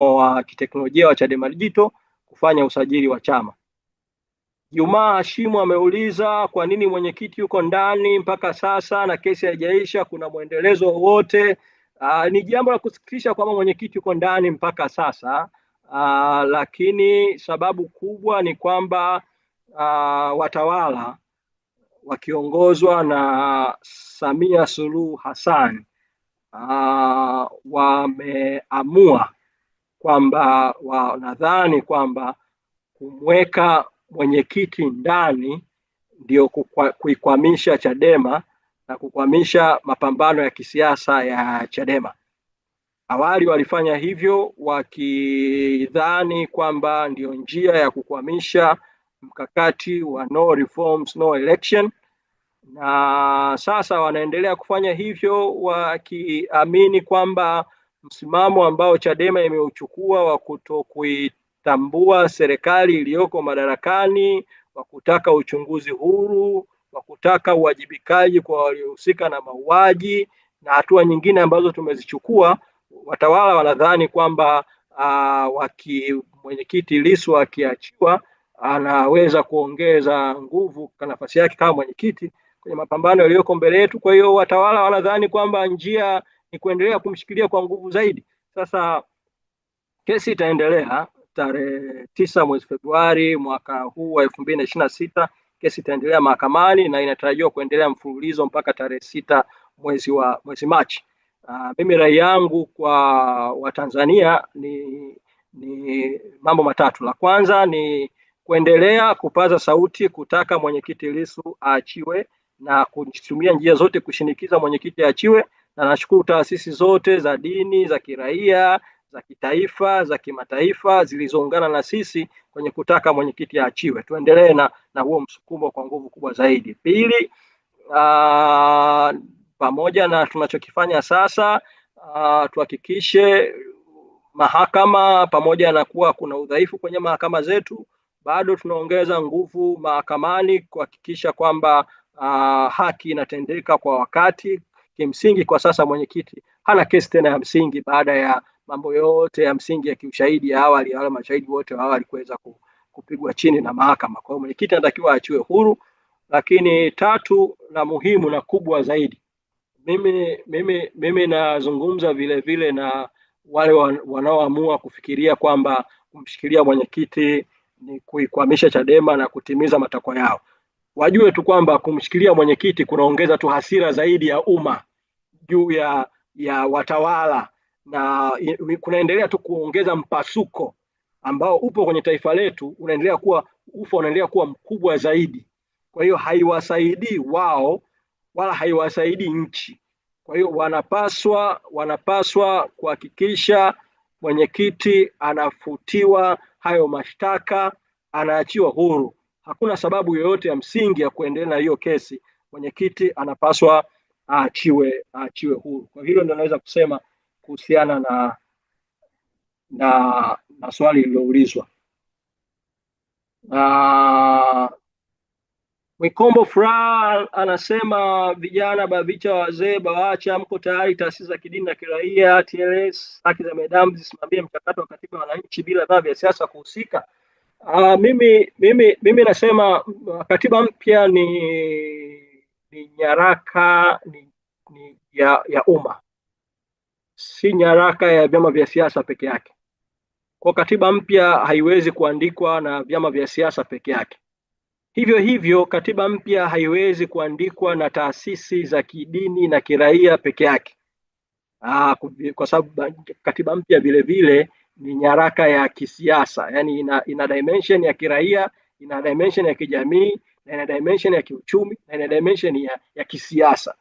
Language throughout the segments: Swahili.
wa kiteknolojia wa Chadema Digital kufanya usajili wa chama. Jumaa Ashimu ameuliza kwa nini mwenyekiti yuko ndani mpaka sasa na kesi haijaisha, kuna mwendelezo wowote? Ah, ni jambo la kusikitisha kwamba mwenyekiti yuko ndani mpaka sasa. Aa, ah, lakini sababu kubwa ni kwamba aa, ah, watawala wakiongozwa na Samia Suluhu Hassan wameamua kwamba wanadhani kwamba kumweka mwenyekiti ndani ndio kuikwamisha Chadema na kukwamisha mapambano ya kisiasa ya Chadema. Awali walifanya hivyo wakidhani kwamba ndiyo njia ya kukwamisha mkakati wa no reforms, no election, na sasa wanaendelea kufanya hivyo wakiamini kwamba msimamo ambao Chadema imeuchukua wa kutokuitambua serikali iliyoko madarakani, wa kutaka uchunguzi huru, wa kutaka uwajibikaji kwa waliohusika na mauaji na hatua nyingine ambazo tumezichukua. Watawala wanadhani kwamba ah, waki mwenyekiti Lissu akiachiwa anaweza kuongeza nguvu kwa nafasi yake kama mwenyekiti kwenye mapambano yaliyoko mbele yetu. Kwa hiyo watawala wanadhani kwamba njia ni kuendelea kumshikilia kwa nguvu zaidi. Sasa kesi itaendelea tarehe tisa mwezi Februari mwaka huu wa elfu mbili na ishirini na sita. Kesi itaendelea mahakamani na inatarajiwa kuendelea mfululizo mpaka tarehe sita mwezi wa mwezi Machi. Ah, mimi rai yangu kwa Watanzania ni ni mambo matatu. La kwanza ni kuendelea kupaza sauti kutaka mwenyekiti Lissu aachiwe na kutumia njia zote kushinikiza mwenyekiti aachiwe na nashukuru taasisi zote za dini, za kiraia, za kitaifa, za kimataifa zilizoungana na sisi kwenye kutaka mwenyekiti aachiwe. Tuendelee na, na huo msukumo kwa nguvu kubwa zaidi. Pili, pamoja na tunachokifanya sasa, tuhakikishe mahakama pamoja na kuwa kuna udhaifu kwenye mahakama zetu bado tunaongeza nguvu mahakamani kuhakikisha kwamba uh, haki inatendeka kwa wakati kimsingi kwa sasa mwenyekiti hana kesi tena ya msingi baada ya mambo yote ya msingi ya kiushahidi ya awali, wale mashahidi wote wa awali kuweza kupigwa chini na mahakama. Kwa hiyo mwenyekiti anatakiwa achiwe huru. Lakini tatu na muhimu na kubwa zaidi, mimi mimi mimi nazungumza vile vile na wale wanaoamua kufikiria kwamba kumshikilia mwenyekiti ni kuikwamisha Chadema na kutimiza matakwa yao, wajue tu kwamba kumshikilia mwenyekiti kunaongeza tu hasira zaidi ya umma juu ya ya watawala na kunaendelea tu kuongeza mpasuko ambao upo kwenye taifa letu, unaendelea kuwa ufa unaendelea kuwa mkubwa zaidi. Kwa hiyo haiwasaidii wao wala haiwasaidii nchi. Kwa hiyo wanapaswa wanapaswa kuhakikisha mwenyekiti anafutiwa hayo mashtaka, anaachiwa huru. Hakuna sababu yoyote ya msingi ya kuendelea na hiyo kesi. Mwenyekiti anapaswa aachiwe aachiwe huru. Kwa hilo ndio naweza kusema kuhusiana na na na swali lililoulizwa. Ah, Mwikombo Furaha anasema vijana BAVICHA wazee BAWACHA mko tayari taasisi za kidini na kiraia TLS haki za binadamu zisimamie mchakato wa katiba wananchi bila vyama vya siasa kuhusika? Ah, mimi, mimi, mimi nasema katiba mpya ni ni nyaraka ni, ni ya, ya umma, si nyaraka ya vyama vya siasa peke yake. Kwa katiba mpya haiwezi kuandikwa na vyama vya siasa peke yake. Hivyo hivyo katiba mpya haiwezi kuandikwa na taasisi za kidini na kiraia peke yake. Ah, kwa sababu katiba mpya vile vile ni nyaraka ya kisiasa, yaani ina, ina dimension ya kiraia, ina dimension ya kijamii na ina dimension ya kiuchumi na ina dimension ya, ya kisiasa.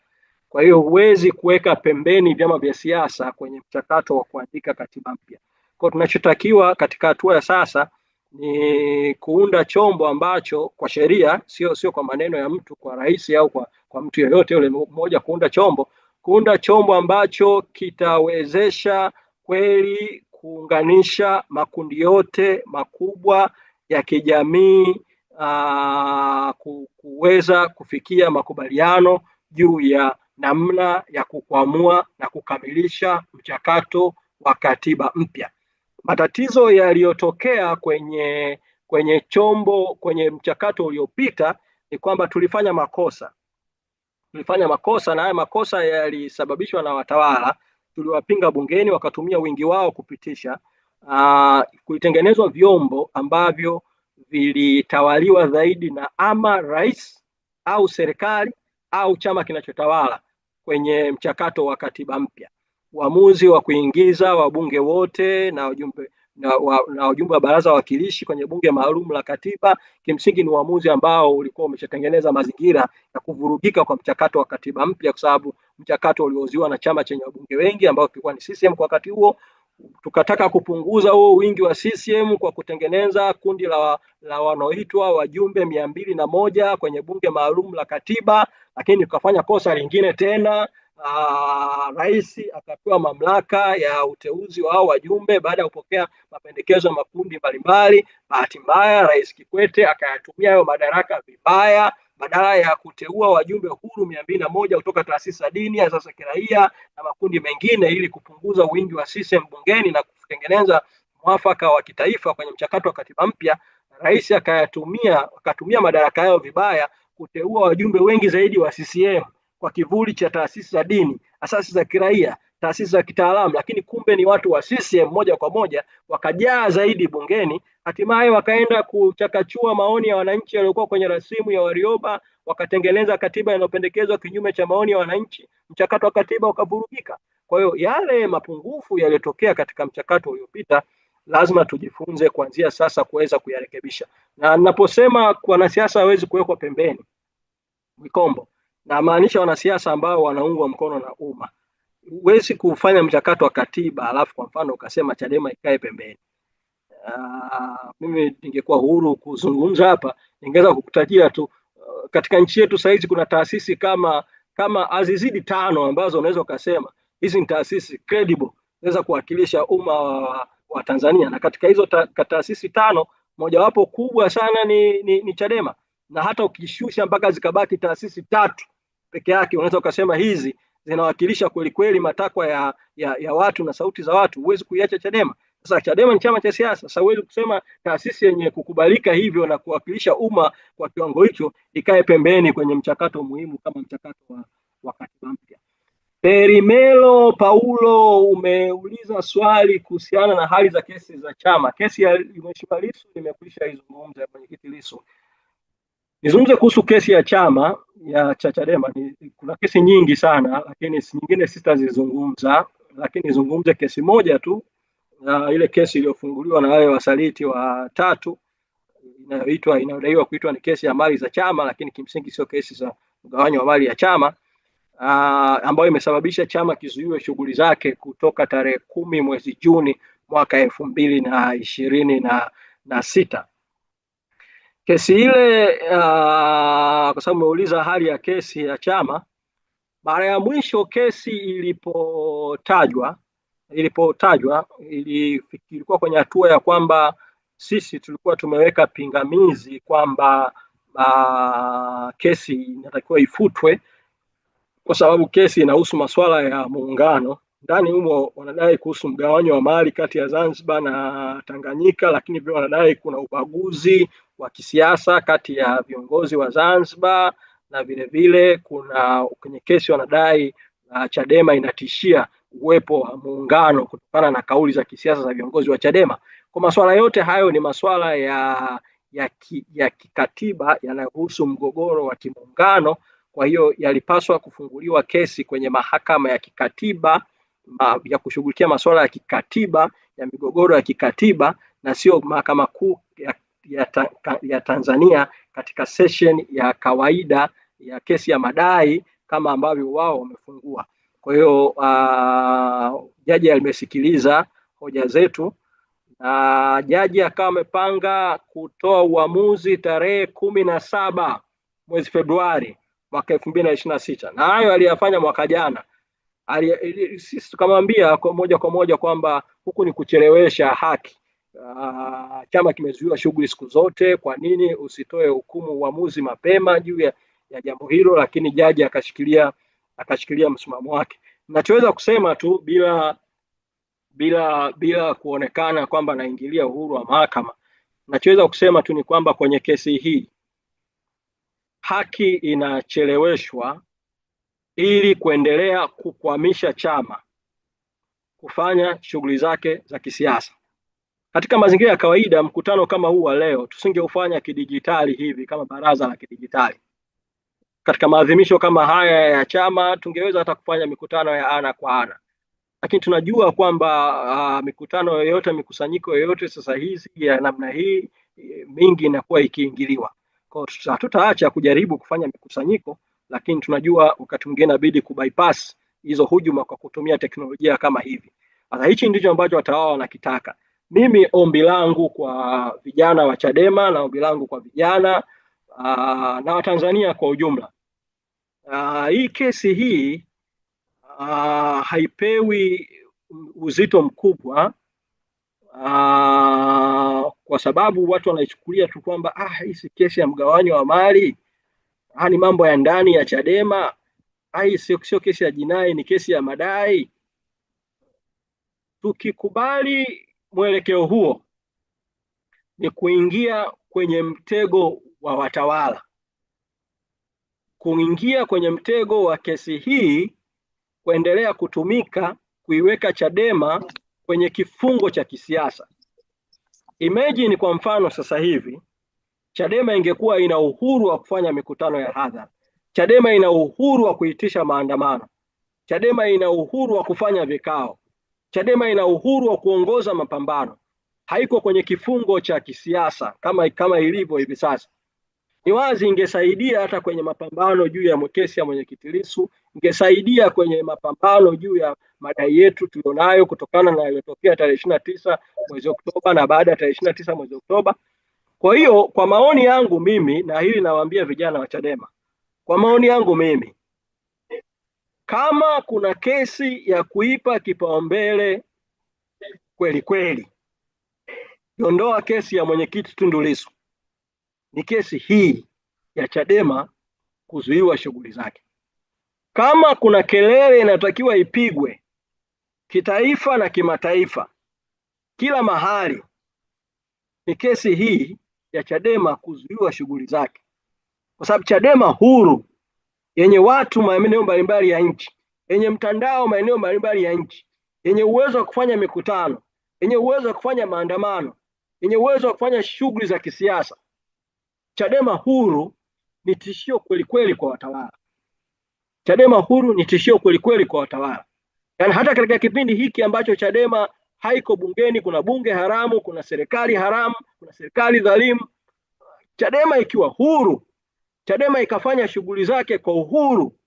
Kwa hiyo huwezi kuweka pembeni vyama vya siasa kwenye mchakato wa kuandika katiba mpya. Kwa tunachotakiwa katika hatua ya sasa ni kuunda chombo ambacho kwa sheria, sio sio kwa maneno ya mtu, kwa rais au kwa, kwa mtu yoyote yule mmoja, kuunda chombo kuunda chombo ambacho kitawezesha kweli kuunganisha makundi yote makubwa ya kijamii uh, kuweza kufikia makubaliano juu ya namna ya kukwamua na kukamilisha mchakato wa katiba mpya. Matatizo yaliyotokea kwenye kwenye chombo kwenye mchakato uliopita ni kwamba tulifanya makosa, tulifanya makosa na haya makosa yalisababishwa na watawala. Tuliwapinga bungeni, wakatumia wingi wao kupitisha uh, ah, kulitengenezwa vyombo ambavyo vilitawaliwa zaidi na ama rais au serikali au chama kinachotawala kwenye mchakato wa katiba mpya. Uamuzi wa kuingiza wabunge wote na wajumbe na, wa, na wajumbe wa baraza wawakilishi kwenye bunge maalum la katiba kimsingi ni uamuzi ambao ulikuwa umeshatengeneza mazingira ya kuvurugika kwa mchakato wa katiba mpya, kwa sababu mchakato ulioziwa na chama chenye wabunge wengi ambao kilikuwa ni CCM kwa wakati huo tukataka kupunguza huo wingi wa CCM kwa kutengeneza kundi la, la wanaoitwa wajumbe mia mbili na moja kwenye bunge maalum la katiba, lakini tukafanya kosa lingine tena. Ah, rais akapewa mamlaka ya uteuzi wa hao wajumbe baada ya kupokea mapendekezo ya makundi mbalimbali. Bahati mbaya, Rais Kikwete akayatumia hayo madaraka vibaya badala ya kuteua wajumbe huru mia mbili na moja kutoka taasisi za dini, asasi za kiraia na makundi mengine ili kupunguza wingi wa CCM bungeni na kutengeneza mwafaka wa kitaifa kwenye mchakato wa katiba mpya, rais akayatumia akatumia madaraka yao vibaya kuteua wajumbe wengi zaidi wa CCM kwa kivuli cha taasisi za dini, asasi za kiraia, taasisi za kitaalamu, lakini kumbe ni watu wa CCM moja kwa moja wakajaa zaidi bungeni Hatimaye wakaenda kuchakachua maoni ya wananchi yaliyokuwa kwenye rasimu ya Warioba, wakatengeneza katiba inayopendekezwa kinyume cha maoni ya wananchi. Mchakato wa katiba ukavurugika. Kwa hiyo yale mapungufu yaliyotokea katika mchakato uliopita lazima tujifunze kuanzia sasa kuweza kuyarekebisha. Na ninaposema wanasiasa hawezi kuwekwa pembeni mikombo, namaanisha wanasiasa ambao wanaungwa mkono na umma. Huwezi kufanya mchakato wa katiba alafu kwa mfano ukasema Chadema ikae pembeni mimi ningekuwa huru kuzungumza hapa, ningeweza kukutajia tu uh, katika nchi yetu saa hizi kuna taasisi kama kama azizidi tano ambazo unaweza ukasema hizi ni taasisi credible naweza kuwakilisha umma wa, wa Tanzania, na katika hizo ta, taasisi tano mojawapo kubwa sana ni, ni, ni Chadema, na hata ukishusha mpaka zikabaki taasisi tatu peke yake unaweza ukasema hizi zinawakilisha kwelikweli matakwa ya, ya, ya watu na sauti za watu, huwezi kuiacha Chadema. Sasa Chadema ni chama cha siasa. Sasa huwezi kusema taasisi yenye kukubalika hivyo na kuwakilisha umma kwa kiwango hicho ikae pembeni kwenye mchakato muhimu kama mchakato wa, wa katiba mpya. Perimelo Paulo umeuliza swali kuhusiana na hali za kesi za chama. Kesi ya Mheshimiwa Lissu nimekwisha izungumza ya mwenyekiti Lissu. Nizungumze kuhusu kesi ya chama ya cha Chadema. Kuna kesi nyingi sana, lakini nyingine sitazizungumza, lakini nizungumze kesi moja tu uh, ile kesi iliyofunguliwa na wale wasaliti watatu inayoitwa inayodaiwa kuitwa ni kesi ya mali za chama, lakini kimsingi sio kesi za mgawanyo wa mali ya chama uh, ambayo imesababisha chama kizuiwe shughuli zake kutoka tarehe kumi mwezi Juni mwaka elfu mbili na ishirini na, na sita. Kesi ile uh, kwa sababu umeuliza hali ya kesi ya chama, mara ya mwisho kesi ilipotajwa ilipotajwa ilikuwa kwenye hatua ya kwamba sisi tulikuwa tumeweka pingamizi kwamba ah, kesi inatakiwa ifutwe kwa sababu kesi inahusu masuala ya muungano. Ndani humo wanadai kuhusu mgawanyo wa mali kati ya Zanzibar na Tanganyika, lakini pia wanadai kuna ubaguzi wa kisiasa kati ya viongozi wa Zanzibar na vilevile kuna kwenye kesi wanadai uh, Chadema inatishia uwepo wa muungano kutokana na kauli za kisiasa za viongozi wa Chadema. Kwa masuala yote hayo ni masuala ya ya, ki, ya kikatiba yanayohusu mgogoro wa kimuungano. Kwa hiyo yalipaswa kufunguliwa kesi kwenye mahakama ya kikatiba ma, ya kushughulikia masuala ya kikatiba ya migogoro ya kikatiba na sio mahakama kuu ya, ya, ta, ya Tanzania katika session ya kawaida ya kesi ya madai kama ambavyo wao wamefungua. Kwa hiyo uh, jaji alimesikiliza hoja zetu na jaji akawa amepanga kutoa uamuzi tarehe kumi na saba mwezi Februari mwaka elfu mbili na ishirini na sita na hayo aliyafanya mwaka jana. Sisi tukamwambia moja kwa moja kwamba huku ni kuchelewesha haki. Uh, chama kimezuiwa shughuli siku zote, kwa nini usitoe hukumu uamuzi mapema juu ya, ya jambo hilo? Lakini jaji akashikilia akashikilia msimamo wake. Nachoweza kusema tu bila bila bila kuonekana kwamba naingilia uhuru wa mahakama, nachoweza kusema tu ni kwamba kwenye kesi hii haki inacheleweshwa ili kuendelea kukwamisha chama kufanya shughuli zake za kisiasa. Katika mazingira ya kawaida, mkutano kama huu wa leo tusingeufanya kidijitali hivi kama baraza la kidijitali, katika maadhimisho kama haya ya chama tungeweza hata kufanya mikutano ya ana kwa ana, lakini tunajua kwamba uh, mikutano yoyote, mikusanyiko yoyote sasa hizi ya namna hii mingi inakuwa ikiingiliwa. Kwa hatutaacha kujaribu kufanya mikusanyiko, lakini tunajua wakati mwingine inabidi kubypass hizo hujuma kwa kutumia teknolojia kama hivi. Sasa hichi ndicho ambacho watawao wanakitaka. Mimi ombi langu kwa vijana wa Chadema na ombi langu kwa vijana uh, na Watanzania kwa ujumla Uh, hii kesi hii uh, haipewi uzito mkubwa uh, kwa sababu watu wanaichukulia tu kwamba ah, hii kesi ya mgawanyo wa mali ah, ni mambo ya ndani ya Chadema ah, sio sio kesi ya jinai, ni kesi ya madai. Tukikubali mwelekeo huo, ni kuingia kwenye mtego wa watawala kuingia kwenye mtego wa kesi hii kuendelea kutumika kuiweka Chadema kwenye kifungo cha kisiasa. Imagine kwa mfano sasa hivi Chadema ingekuwa ina uhuru wa kufanya mikutano ya hadhara. Chadema ina uhuru wa kuitisha maandamano. Chadema ina uhuru wa kufanya vikao. Chadema ina uhuru wa kuongoza mapambano. Haiko kwenye kifungo cha kisiasa kama kama ilivyo hivi sasa. Ni wazi ingesaidia hata kwenye mapambano juu ya kesi ya mwenyekiti Lissu, ingesaidia kwenye mapambano juu ya madai yetu tulionayo kutokana na yaliyotokea tarehe ishirini na tisa mwezi Oktoba na baada ya tarehe ishirini na tisa mwezi Oktoba. Kwa hiyo kwa maoni yangu mimi, na hili nawaambia vijana wa Chadema, kwa maoni yangu mimi, kama kuna kesi ya kuipa kipaumbele kweli kweli, ondoa kesi ya mwenyekiti Tundu Lissu ni kesi hii ya Chadema kuzuiwa shughuli zake. Kama kuna kelele inatakiwa ipigwe kitaifa na kimataifa, kila mahali, ni kesi hii ya Chadema kuzuiwa shughuli zake, kwa sababu Chadema huru yenye watu maeneo mbalimbali ya nchi, yenye mtandao maeneo mbalimbali ya nchi, yenye uwezo wa kufanya mikutano, yenye uwezo wa kufanya maandamano, yenye uwezo wa kufanya shughuli za kisiasa Chadema huru ni tishio kwelikweli kwa watawala. Chadema huru ni tishio kwelikweli kwa watawala, yaani hata katika kipindi hiki ambacho Chadema haiko bungeni, kuna bunge haramu, kuna serikali haramu, kuna serikali dhalimu. Chadema ikiwa huru, Chadema ikafanya shughuli zake kwa uhuru,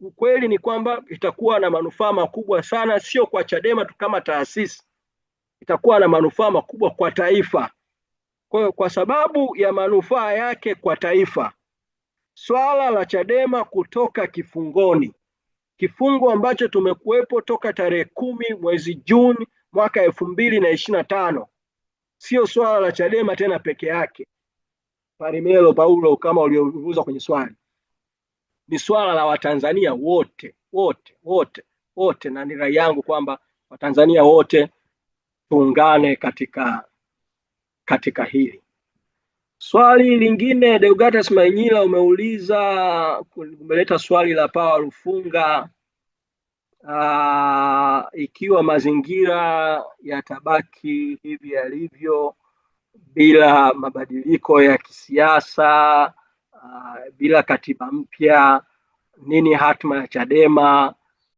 ukweli ni kwamba itakuwa na manufaa makubwa sana, sio kwa Chadema tu kama taasisi, itakuwa na manufaa makubwa kwa taifa. Kwa hiyo kwa sababu ya manufaa yake kwa taifa, swala la Chadema kutoka kifungoni, kifungo ambacho tumekuwepo toka tarehe kumi mwezi Juni mwaka elfu mbili na ishirini na tano sio swala la Chadema tena peke yake, Parimelo Paulo, kama ulioulizwa kwenye swali, ni swala la Watanzania wote wote wote wote, na ni rai yangu kwamba Watanzania wote tuungane katika katika hili. Swali lingine Deogatus Mainyila umeuliza, umeleta swali la Pawa rufunga Uh, ah, ikiwa mazingira yatabaki hivi yalivyo bila mabadiliko ya kisiasa uh, bila katiba mpya, nini hatma ya Chadema?